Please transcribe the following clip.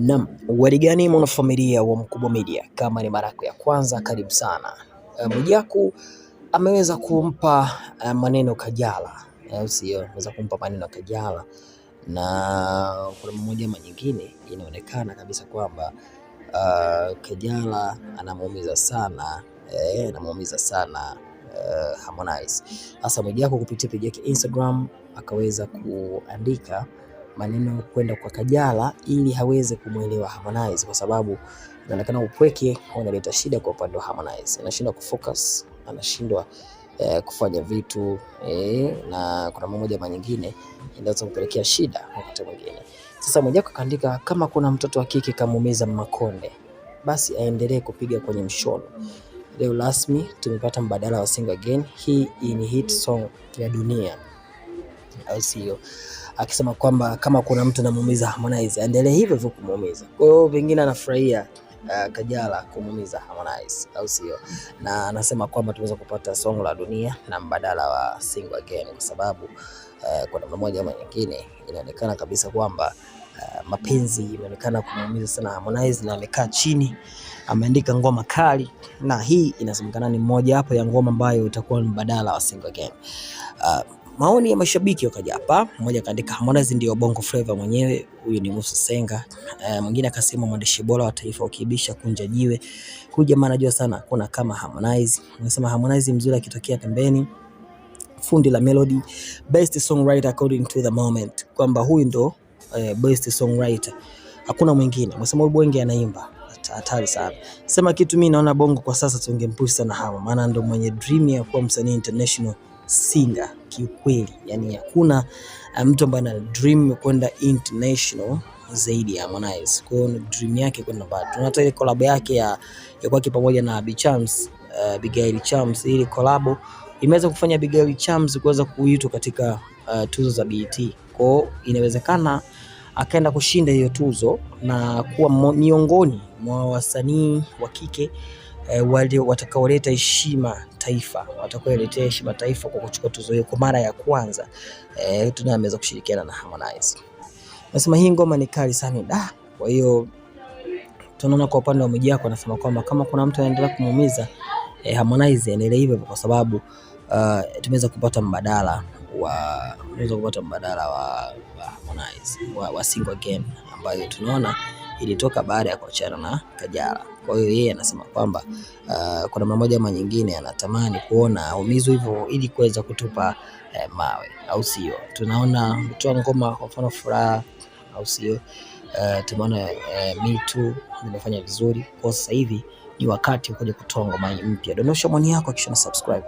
Naam, warigani mwanafamilia wa Mkubwa Media, kama ni mara yako ya kwanza karibu sana. Eh, Mwijaku ameweza kumpa eh, maneno Kajala, au eh, sio? Ameweza kumpa maneno Kajala na kuna mmoja ama nyingine, inaonekana kabisa kwamba uh, Kajala anamuumiza sana eh, anamuumiza sana uh, Harmonize. Sasa Mwijaku kupitia page yake Instagram akaweza kuandika maneno kwenda kwa Kajala ili aweze kumwelewa Harmonize, kwa sababu inaonekana upweke unaleta shida kwa upande wa Harmonize, anashindwa kufocus, anashindwa eh, kufanya vitu eh, na kuna mmoja ama nyingine inaweza kupelekea shida wakati mwingine. Sasa Mwijaku akaandika kama kuna mtoto wa kike kamumiza makonde basi aendelee kupiga kwenye mshono. Leo rasmi tumepata mbadala wa Sing Again, hii ni hit song ya dunia au sio akisema kwamba kama kuna mtu anamuumiza Harmonize aendelee hivyo hivyo kumuumiza. Kwa hiyo pengine anafurahia Uh, Kajala kumuumiza Harmonize au sio? Na anasema kwamba tumeweza kupata songo la dunia na mbadala wa single again, kwa sababu uh, kwa namna moja ama nyingine inaonekana kabisa kwamba uh, mapenzi imeonekana kumuumiza sana Harmonize, na amekaa chini ameandika ngoma kali, na hii inasemekana ni moja hapo ya ngoma ambayo itakuwa mbadala wa single again uh, Maoni ya mashabiki wakaja hapa, mmoja akaandika Harmonize ndio bongo flavor mwenyewe, huyu ni Musa Senga. Uh, mwingine akasema mwandishi bora wa taifa ukibisha kunja jiwe, Huyu jamaa anajua sana kuna kama Harmonize. Anasema Harmonize mzuri akitokea pembeni, fundi la melody, best songwriter according to the moment, kwamba huyu ndo uh, best songwriter, hakuna mwingine. Anasema huyu Bwenge anaimba hatari sana. Sema kitu mimi naona bongo kwa sasa tungempush sana hawa, maana ndo mwenye dream ya kuwa msanii international singer kiukweli, yani hakuna uh, mtu ambaye ana dream kwenda international zaidi ya Harmonize. Kwa hiyo dream yake kwenda mbali. Tunata ile collab yake ya ya kwake pamoja na Bichams, uh, Bigail Chams, ile collab imeweza kufanya Bigail Chams kuweza kuitwa katika uh, tuzo za BET. Kwa hiyo inawezekana akaenda kushinda hiyo tuzo na kuwa miongoni mwa wasanii wa kike e, eh, wale watakaoleta heshima taifa, watakaoletea heshima taifa kwa kuchukua tuzo hiyo kwa mara ya kwanza e, eh, tunaye ameweza kushirikiana na Harmonize. Nasema hii ngoma ni kali sana da. Kwa hiyo tunaona kwa upande wa Mwijaku anasema kwamba kama kuna mtu anaendelea kumuumiza e, Harmonize endelee hivyo kwa sababu uh, tumeweza kupata mbadala wa tunaweza kupata mbadala wa, wa Harmonize wa, wa single game ambayo tunaona ilitoka baada ya kuachana na Kajala. Kwa hiyo yeye anasema kwamba uh, kuna mamoja ama nyingine anatamani kuona aumizwe hivyo ili kuweza kutupa eh, mawe, au sio? Tunaona mtoa ngoma kwa mfano Furaha, au sio? Uh, tumeona uh, Me Too vizuri. Kwa sasa hivi ni wakati wa kuja kutoa ngoma mpya. Dondosha maoni yako kisha na subscribe.